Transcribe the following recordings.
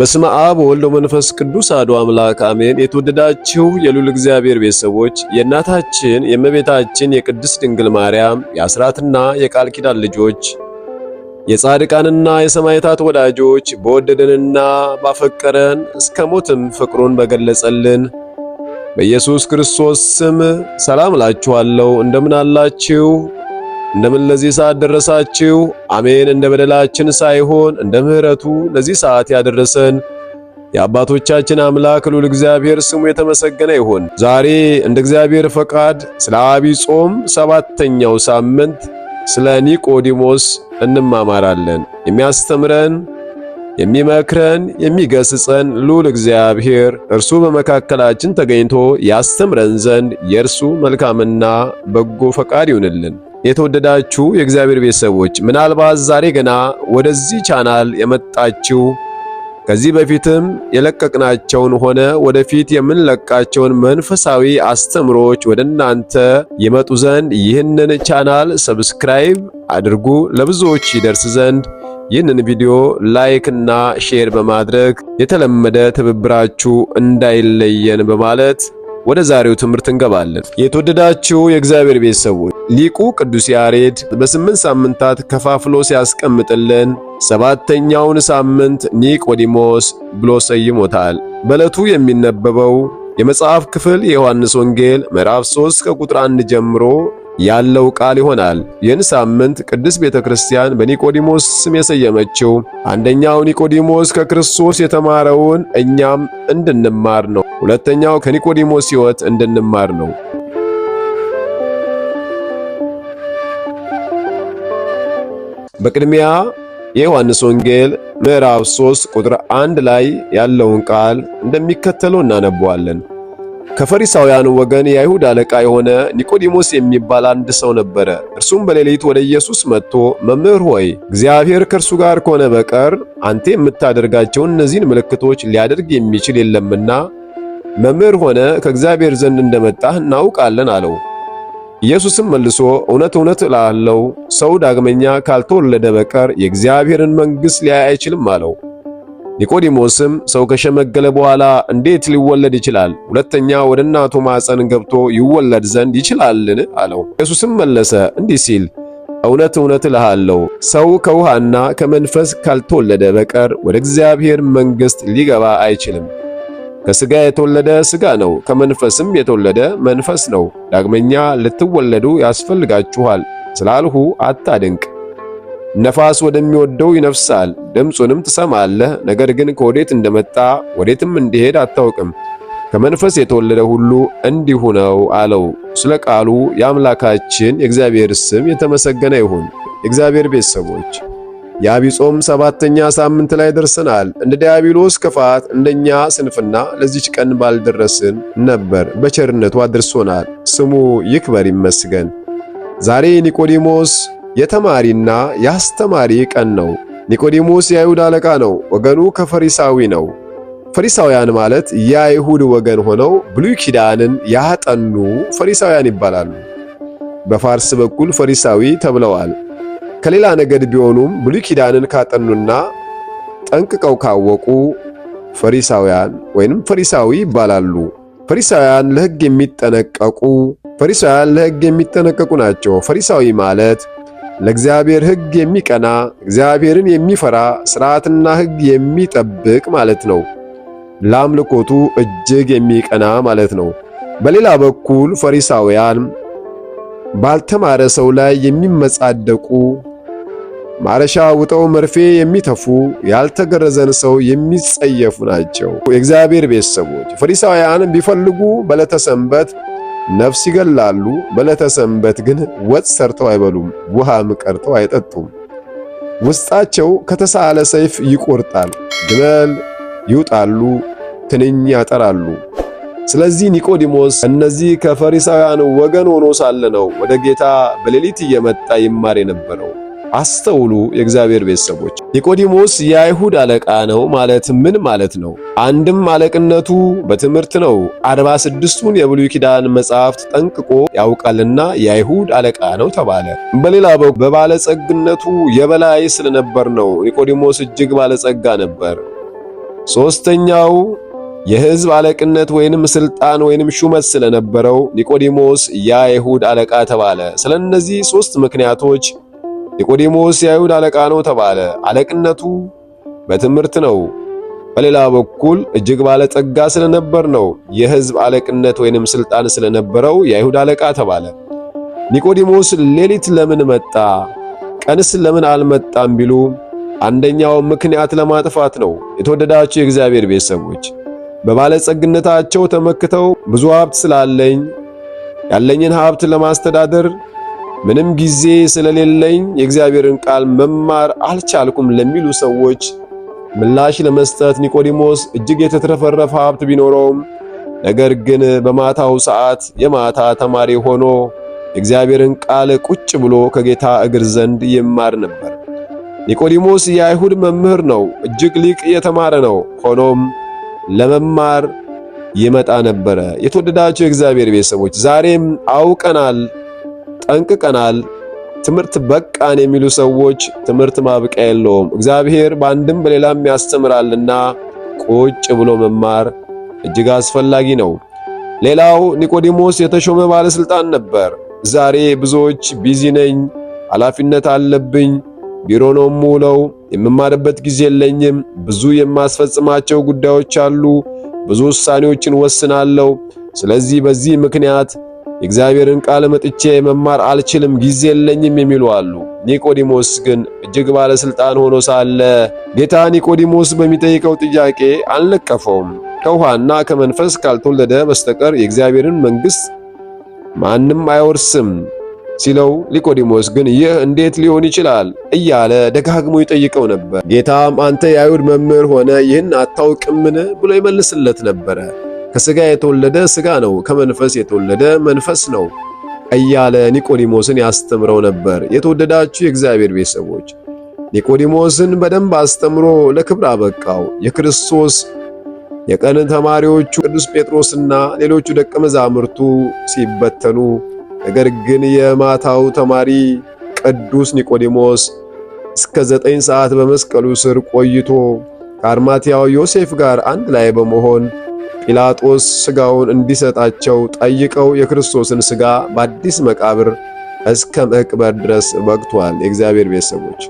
በስመ አብ ወወልድ ወመንፈስ ቅዱስ አሐዱ አምላክ አሜን። የተወደዳችሁ የሉል እግዚአብሔር ቤተሰቦች የእናታችን የእመቤታችን የቅድስት ድንግል ማርያም የአስራትና የቃል ኪዳን ልጆች የጻድቃንና የሰማዕታት ወዳጆች በወደደንና ባፈቀረን እስከ ሞትም ፍቅሩን በገለጸልን በኢየሱስ ክርስቶስ ስም ሰላም እላችኋለሁ። እንደምን አላችሁ? እንደምን ለዚህ ሰዓት ደረሳችሁ? አሜን። እንደ በደላችን ሳይሆን እንደ ምሕረቱ ለዚህ ሰዓት ያደረሰን የአባቶቻችን አምላክ ልዑል እግዚአብሔር ስሙ የተመሰገነ ይሁን። ዛሬ እንደ እግዚአብሔር ፈቃድ ስለ ጾም ሰባተኛው ሳምንት ስለ ኒቆዲሞስ እንማማራለን። የሚያስተምረን የሚመክረን የሚገስጸን ልዑል እግዚአብሔር እርሱ በመካከላችን ተገኝቶ ያስተምረን ዘንድ የእርሱ መልካምና በጎ ፈቃድ ይሁንልን። የተወደዳችሁ የእግዚአብሔር ቤተሰቦች ምናልባት ዛሬ ገና ወደዚህ ቻናል የመጣችሁ ከዚህ በፊትም የለቀቅናቸውን ሆነ ወደፊት የምንለቃቸውን መንፈሳዊ አስተምሮች ወደ እናንተ ይመጡ ዘንድ ይህንን ቻናል ሰብስክራይብ አድርጉ። ለብዙዎች ይደርስ ዘንድ ይህንን ቪዲዮ ላይክ እና ሼር በማድረግ የተለመደ ትብብራችሁ እንዳይለየን በማለት ወደ ዛሬው ትምህርት እንገባለን። የተወደዳችሁ የእግዚአብሔር ቤተሰቦች ሊቁ ቅዱስ ያሬድ በስምንት ሳምንታት ከፋፍሎ ሲያስቀምጥልን ሰባተኛውን ሳምንት ኒቆዲሞስ ብሎ ሰይሞታል። በዕለቱ የሚነበበው የመጽሐፍ ክፍል የዮሐንስ ወንጌል ምዕራፍ 3 ከቁጥር 1 ጀምሮ ያለው ቃል ይሆናል። ይህን ሳምንት ቅድስት ቤተ ክርስቲያን በኒቆዲሞስ ስም የሰየመችው አንደኛው ኒቆዲሞስ ከክርስቶስ የተማረውን እኛም እንድንማር ነው። ሁለተኛው ከኒቆዲሞስ ሕይወት እንድንማር ነው። በቅድሚያ የዮሐንስ ወንጌል ምዕራፍ 3 ቁጥር 1 ላይ ያለውን ቃል እንደሚከተለው እናነበዋለን። ከፈሪሳውያን ወገን የአይሁድ አለቃ የሆነ ኒቆዲሞስ የሚባል አንድ ሰው ነበረ። እርሱም በሌሊት ወደ ኢየሱስ መጥቶ መምህር ሆይ እግዚአብሔር ከእርሱ ጋር ከሆነ በቀር አንተ የምታደርጋቸውን እነዚህን ምልክቶች ሊያደርግ የሚችል የለምና መምህር ሆነ ከእግዚአብሔር ዘንድ እንደመጣህ እናውቃለን አለው። ኢየሱስም መልሶ እውነት እውነት ላለው ሰው ዳግመኛ ካልተወለደ በቀር የእግዚአብሔርን መንግሥት ሊያይ አይችልም አለው። ኒቆዲሞስም ሰው ከሸመገለ በኋላ እንዴት ሊወለድ ይችላል? ሁለተኛ ወደ እናቱ ማፀን ገብቶ ይወለድ ዘንድ ይችላልን? አለው። ኢየሱስም መለሰ እንዲህ ሲል እውነት እውነት እልሃለሁ ሰው ከውሃና ከመንፈስ ካልተወለደ በቀር ወደ እግዚአብሔር መንግሥት ሊገባ አይችልም። ከሥጋ የተወለደ ሥጋ ነው፣ ከመንፈስም የተወለደ መንፈስ ነው። ዳግመኛ ልትወለዱ ያስፈልጋችኋል ስላልሁ አታድንቅ። ነፋስ ወደሚወደው ይነፍሳል፣ ድምፁንም ትሰማለህ፣ ነገር ግን ከወዴት እንደመጣ ወዴትም እንዲሄድ አታውቅም። ከመንፈስ የተወለደ ሁሉ እንዲሁ ነው አለው። ስለ ቃሉ የአምላካችን የእግዚአብሔር ስም የተመሰገነ ይሁን። የእግዚአብሔር ቤተሰቦች የአብይ ጾም ሰባተኛ ሳምንት ላይ ደርሰናል። እንደ ዲያብሎስ ክፋት እንደኛ ስንፍና ለዚች ቀን ባልደረስን ነበር። በቸርነቱ አድርሶናል። ስሙ ይክበር ይመስገን። ዛሬ ኒቆዲሞስ የተማሪና የአስተማሪ ቀን ነው። ኒቆዲሞስ የአይሁድ አለቃ ነው። ወገኑ ከፈሪሳዊ ነው። ፈሪሳውያን ማለት የአይሁድ ወገን ሆነው ብሉይ ኪዳንን ያጠኑ ፈሪሳውያን ይባላሉ። በፋርስ በኩል ፈሪሳዊ ተብለዋል። ከሌላ ነገድ ቢሆኑም ብሉይ ኪዳንን ካጠኑና ጠንቅቀው ካወቁ ፈሪሳውያን ወይንም ፈሪሳዊ ይባላሉ። ፈሪሳውያን ለሕግ የሚጠነቀቁ ፈሪሳውያን ለሕግ የሚጠነቀቁ ናቸው። ፈሪሳዊ ማለት ለእግዚአብሔር ሕግ የሚቀና እግዚአብሔርን የሚፈራ ሥርዓትና ሕግ የሚጠብቅ ማለት ነው። ለአምልኮቱ እጅግ የሚቀና ማለት ነው። በሌላ በኩል ፈሪሳውያን ባልተማረ ሰው ላይ የሚመጻደቁ ማረሻ ውጠው መርፌ የሚተፉ ያልተገረዘን ሰው የሚጸየፉ ናቸው። የእግዚአብሔር ቤተሰቦች ፈሪሳውያን ቢፈልጉ በዕለተ ሰንበት ነፍስ ይገላሉ። በዕለተ ሰንበት ግን ወጥ ሰርተው አይበሉም፣ ውሃም ቀርተው አይጠጡም። ውስጣቸው ከተሳለ ሰይፍ ይቆርጣል፣ ግመል ይውጣሉ፣ ትንኝ ያጠራሉ። ስለዚህ ኒቆዲሞስ እነዚህ ከፈሪሳውያን ወገን ሆኖ ሳለ ነው ወደ ጌታ በሌሊት እየመጣ ይማር የነበረው። አስተውሉ የእግዚአብሔር ቤተሰቦች። ኒቆዲሞስ የአይሁድ አለቃ ነው ማለት ምን ማለት ነው? አንድም አለቅነቱ በትምህርት ነው። አርባ ስድስቱን የብሉይ ኪዳን መጻሕፍት ጠንቅቆ ያውቃልና የአይሁድ አለቃ ነው ተባለ። በሌላ በኩል በባለጸግነቱ የበላይ ስለነበር ነው። ኒቆዲሞስ እጅግ ባለጸጋ ነበር። ሦስተኛው የሕዝብ አለቅነት ወይንም ስልጣን ወይንም ሹመት ስለነበረው ኒቆዲሞስ የአይሁድ አለቃ ተባለ። ስለነዚህ ሦስት ምክንያቶች ኒቆዲሞስ የአይሁድ አለቃ ነው ተባለ። አለቅነቱ በትምህርት ነው። በሌላ በኩል እጅግ ባለጸጋ ስለነበር ነው። የህዝብ አለቅነት ወይንም ስልጣን ስለነበረው የአይሁድ አለቃ ተባለ። ኒቆዲሞስ ሌሊት ለምን መጣ? ቀንስ ለምን አልመጣም ቢሉ አንደኛው ምክንያት ለማጥፋት ነው። የተወደዳቸው የእግዚአብሔር ቤተሰቦች በባለጸግነታቸው ተመክተው ብዙ ሀብት ስላለኝ ያለኝን ሀብት ለማስተዳደር ምንም ጊዜ ስለሌለኝ የእግዚአብሔርን ቃል መማር አልቻልኩም ለሚሉ ሰዎች ምላሽ ለመስጠት ኒቆዲሞስ እጅግ የተትረፈረፈ ሀብት ቢኖረውም ነገር ግን በማታው ሰዓት የማታ ተማሪ ሆኖ የእግዚአብሔርን ቃል ቁጭ ብሎ ከጌታ እግር ዘንድ ይማር ነበር። ኒቆዲሞስ የአይሁድ መምህር ነው። እጅግ ሊቅ የተማረ ነው። ሆኖም ለመማር ይመጣ ነበረ። የተወደዳቸው የእግዚአብሔር ቤተሰቦች ዛሬም አውቀናል ጠንቅቀናል። ትምህርት በቃን የሚሉ ሰዎች ትምህርት ማብቂያ የለውም። እግዚአብሔር በአንድም በሌላም ያስተምራልና ቁጭ ብሎ መማር እጅግ አስፈላጊ ነው። ሌላው ኒቆዲሞስ የተሾመ ባለስልጣን ነበር። ዛሬ ብዙዎች ቢዚ ነኝ፣ ኃላፊነት አለብኝ፣ ቢሮ ነው የምውለው፣ የምማርበት ጊዜ የለኝም፣ ብዙ የማስፈጽማቸው ጉዳዮች አሉ፣ ብዙ ውሳኔዎችን ወስናለሁ፣ ስለዚህ በዚህ ምክንያት የእግዚአብሔርን ቃል መጥቼ መማር አልችልም፣ ጊዜ የለኝም የሚሉ አሉ። ኒቆዲሞስ ግን እጅግ ባለሥልጣን ሆኖ ሳለ ጌታ ኒቆዲሞስ በሚጠይቀው ጥያቄ አልነቀፈውም። ከውሃና ከመንፈስ ካልተወለደ በስተቀር የእግዚአብሔርን መንግሥት ማንም አይወርስም ሲለው ኒቆዲሞስ ግን ይህ እንዴት ሊሆን ይችላል እያለ ደጋግሞ ይጠይቀው ነበር። ጌታም አንተ የአይሁድ መምህር ሆነ ይህን አታውቅምን ብሎ ይመልስለት ነበረ። ከሥጋ የተወለደ ሥጋ ነው፣ ከመንፈስ የተወለደ መንፈስ ነው እያለ ኒቆዲሞስን ያስተምረው ነበር። የተወደዳችሁ የእግዚአብሔር ቤተሰቦች ኒቆዲሞስን በደንብ አስተምሮ ለክብር አበቃው። የክርስቶስ የቀን ተማሪዎቹ ቅዱስ ጴጥሮስና ሌሎቹ ደቀ መዛሙርቱ ሲበተኑ፣ ነገር ግን የማታው ተማሪ ቅዱስ ኒቆዲሞስ እስከ ዘጠኝ ሰዓት በመስቀሉ ስር ቆይቶ ከአርማትያው ዮሴፍ ጋር አንድ ላይ በመሆን ጲላጦስ ሥጋውን እንዲሰጣቸው ጠይቀው የክርስቶስን ሥጋ በአዲስ መቃብር እስከ መቅበር ድረስ በቅቷል። የእግዚአብሔር ቤተሰቦች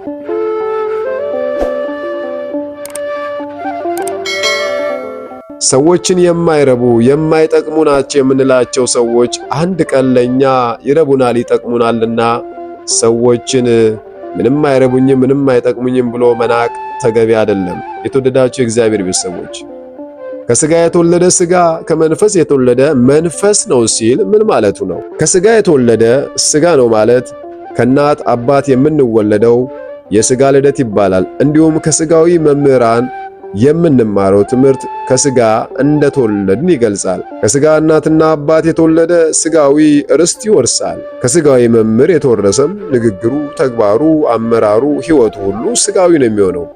ሰዎችን የማይረቡ የማይጠቅሙ ናቸው የምንላቸው ሰዎች አንድ ቀን ለኛ ይረቡናል ይጠቅሙናልና ሰዎችን ምንም አይረቡኝም ምንም አይጠቅሙኝም ብሎ መናቅ ተገቢ አይደለም። የተወደዳቸው የእግዚአብሔር ቤተሰቦች ከስጋ የተወለደ ስጋ ከመንፈስ የተወለደ መንፈስ ነው ሲል ምን ማለቱ ነው? ከስጋ የተወለደ ስጋ ነው ማለት ከእናት አባት የምንወለደው የስጋ ልደት ይባላል። እንዲሁም ከስጋዊ መምህራን የምንማረው ትምህርት ከስጋ እንደተወለድን ይገልጻል። ከስጋ እናትና አባት የተወለደ ስጋዊ ርስት ይወርሳል። ከስጋዊ መምህር የተወረሰም ንግግሩ፣ ተግባሩ፣ አመራሩ፣ ህይወቱ ሁሉ ስጋዊ ነው የሚሆነው።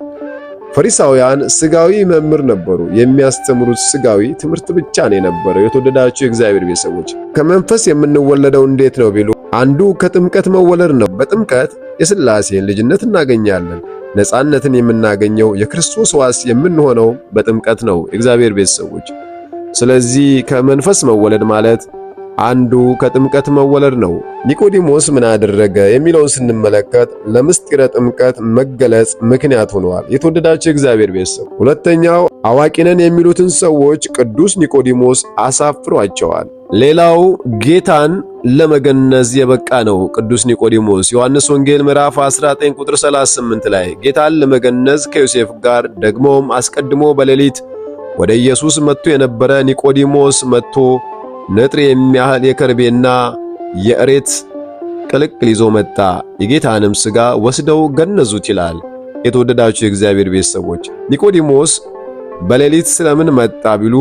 ፈሪሳውያን ስጋዊ መምህር ነበሩ። የሚያስተምሩት ስጋዊ ትምህርት ብቻ ነው የነበረው። የተወደዳችሁ የእግዚአብሔር ቤተሰቦች ከመንፈስ የምንወለደው እንዴት ነው ቢሉ አንዱ ከጥምቀት መወለድ ነው። በጥምቀት የሥላሴን ልጅነት እናገኛለን። ነፃነትን የምናገኘው የክርስቶስ ዋስ የምንሆነው በጥምቀት ነው። የእግዚአብሔር ቤተሰቦች ስለዚህ ከመንፈስ መወለድ ማለት አንዱ ከጥምቀት መወለድ ነው። ኒቆዲሞስ ምን አደረገ የሚለውን ስንመለከት ለምስጢረ ጥምቀት መገለጽ ምክንያት ሆኗል። የተወደዳቸው እግዚአብሔር ቤተሰብ፣ ሁለተኛው አዋቂነን የሚሉትን ሰዎች ቅዱስ ኒቆዲሞስ አሳፍሯቸዋል። ሌላው ጌታን ለመገነዝ የበቃ ነው ቅዱስ ኒቆዲሞስ። ዮሐንስ ወንጌል ምዕራፍ 19 ቁጥር 38 ላይ ጌታን ለመገነዝ ከዮሴፍ ጋር ደግሞም አስቀድሞ በሌሊት ወደ ኢየሱስ መጥቶ የነበረ ኒቆዲሞስ መጥቶ ንጥር የሚያህል የከርቤና የእሬት ቅልቅል ይዞ መጣ። የጌታንም ሥጋ ወስደው ገነዙት ይላል። የተወደዳችሁ የእግዚአብሔር ቤተሰቦች ኒቆዲሞስ በሌሊት ስለምን መጣ ቢሉ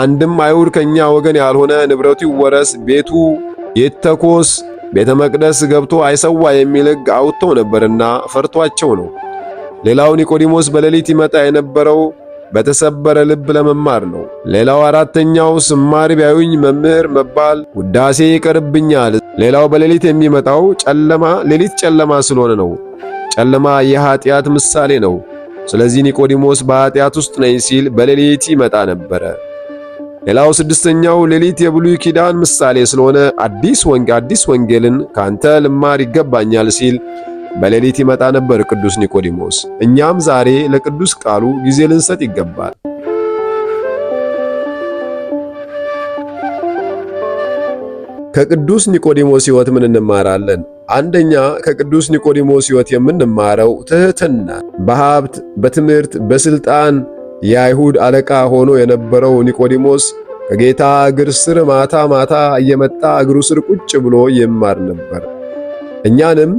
አንድም አይሁድ ከኛ ወገን ያልሆነ ንብረቱ ይወረስ፣ ቤቱ ይተኮስ፣ ቤተ መቅደስ ገብቶ አይሰዋ የሚል ሕግ አውጥተው ነበርና ፈርቷቸው ነው። ሌላው ኒቆዲሞስ በሌሊት ይመጣ የነበረው በተሰበረ ልብ ለመማር ነው። ሌላው አራተኛው ስማር ቢያዩኝ መምህር መባል ውዳሴ ይቀርብኛል። ሌላው በሌሊት የሚመጣው ጨለማ ሌሊት ጨለማ ስለሆነ ነው። ጨለማ የኀጢአት ምሳሌ ነው። ስለዚህ ኒቆዲሞስ በኀጢአት ውስጥ ነኝ ሲል በሌሊት ይመጣ ነበረ። ሌላው ስድስተኛው ሌሊት የብሉይ ኪዳን ምሳሌ ስለሆነ አዲስ ወንጌል አዲስ ወንጌልን ካንተ ልማር ይገባኛል ሲል በሌሊት ይመጣ ነበር ቅዱስ ኒቆዲሞስ። እኛም ዛሬ ለቅዱስ ቃሉ ጊዜ ልንሰጥ ይገባል። ከቅዱስ ኒቆዲሞስ ሕይወት ምን እንማራለን? አንደኛ ከቅዱስ ኒቆዲሞስ ሕይወት የምንማረው ትህትና። በሀብት፣ በትምህርት፣ በስልጣን የአይሁድ አለቃ ሆኖ የነበረው ኒቆዲሞስ ከጌታ እግር ስር ማታ ማታ እየመጣ እግሩ ስር ቁጭ ብሎ ይማር ነበር። እኛንም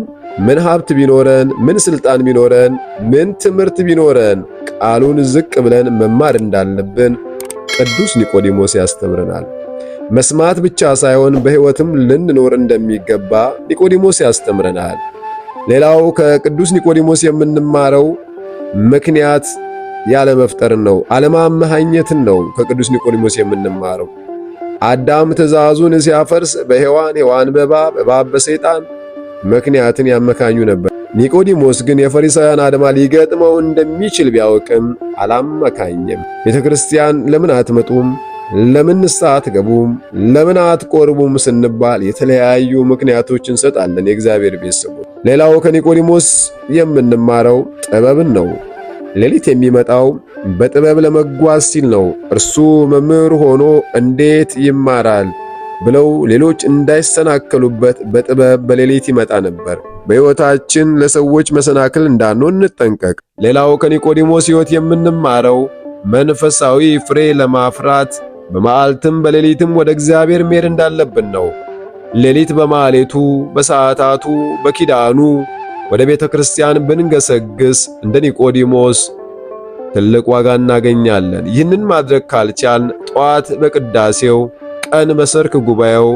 ምን ሀብት ቢኖረን፣ ምን ስልጣን ቢኖረን፣ ምን ትምህርት ቢኖረን ቃሉን ዝቅ ብለን መማር እንዳለብን ቅዱስ ኒቆዲሞስ ያስተምረናል። መስማት ብቻ ሳይሆን በሕይወትም ልንኖር እንደሚገባ ኒቆዲሞስ ያስተምረናል። ሌላው ከቅዱስ ኒቆዲሞስ የምንማረው ምክንያት ያለ መፍጠር ነው። አለማመሃኘትን ነው ከቅዱስ ኒቆዲሞስ የምንማረው። አዳም ትእዛዙን ሲያፈርስ በሔዋን ሔዋን በእባብ እባብ በሰይጣን ምክንያትን ያመካኙ ነበር። ኒቆዲሞስ ግን የፈሪሳውያን አድማ ሊገጥመው እንደሚችል ቢያውቅም አላመካኘም። ቤተ ክርስቲያን ለምን አትመጡም? ለምንስ አትገቡም? ለምን አትቆርቡም ስንባል የተለያዩ ምክንያቶች እንሰጣለን። የእግዚአብሔር ቤተሰቦች፣ ሌላው ከኒቆዲሞስ የምንማረው ጥበብን ነው። ሌሊት የሚመጣው በጥበብ ለመጓዝ ሲል ነው። እርሱ መምህር ሆኖ እንዴት ይማራል? ብለው ሌሎች እንዳይሰናከሉበት በጥበብ በሌሊት ይመጣ ነበር። በሕይወታችን ለሰዎች መሰናክል እንዳንሆን እንጠንቀቅ። ሌላው ከኒቆዲሞስ ሕይወት የምንማረው መንፈሳዊ ፍሬ ለማፍራት በመዓልትም በሌሊትም ወደ እግዚአብሔር መሄድ እንዳለብን ነው። ሌሊት በማሌቱ፣ በሰዓታቱ፣ በኪዳኑ ወደ ቤተ ክርስቲያን ብንገሰግስ እንደ ኒቆዲሞስ ትልቅ ዋጋ እናገኛለን። ይህንን ማድረግ ካልቻልን ጠዋት በቅዳሴው ቀን በሰርክ ጉባኤው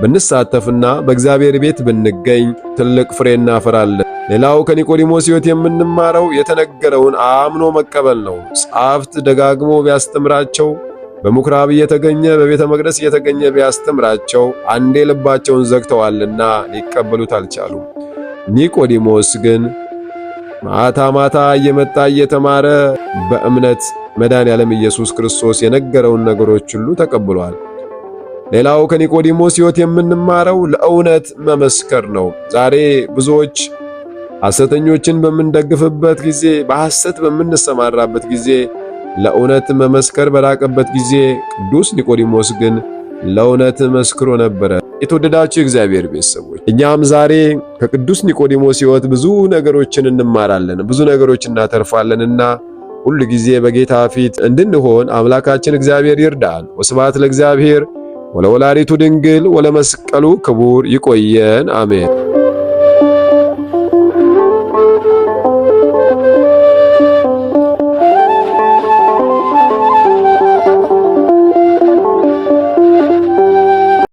ብንሳተፍና በእግዚአብሔር ቤት ብንገኝ ትልቅ ፍሬ እናፈራለን። ሌላው ከኒቆዲሞስ ሕይወት የምንማረው የተነገረውን አምኖ መቀበል ነው። ጻፍት ደጋግሞ ቢያስተምራቸው፣ በሙክራብ እየተገኘ በቤተ መቅደስ እየተገኘ ቢያስተምራቸው፣ አንዴ ልባቸውን ዘግተዋልና ሊቀበሉት አልቻሉም። ኒቆዲሞስ ግን ማታ ማታ እየመጣ እየተማረ በእምነት ያለም ኢየሱስ ክርስቶስ የነገረውን ነገሮች ሁሉ ተቀብሏል። ሌላው ከኒቆዲሞስ ሕይወት የምንማረው ለእውነት መመስከር ነው። ዛሬ ብዙዎች ሐሰተኞችን በምንደግፍበት ጊዜ፣ በሐሰት በምንሰማራበት ጊዜ፣ ለእውነት መመስከር በራቀበት ጊዜ ቅዱስ ኒቆዲሞስ ግን ለእውነት መስክሮ ነበረ። የተወደዳችሁ የእግዚአብሔር ቤተሰቦች እኛም ዛሬ ከቅዱስ ኒቆዲሞስ ሕይወት ብዙ ነገሮችን እንማራለን፣ ብዙ ነገሮች እናተርፋለንና ሁል ጊዜ በጌታ ፊት እንድንሆን አምላካችን እግዚአብሔር ይርዳል። ወስብሐት ለእግዚአብሔር ወለወላዲቱ ድንግል ወለመስቀሉ ክቡር ይቆየን፣ አሜን።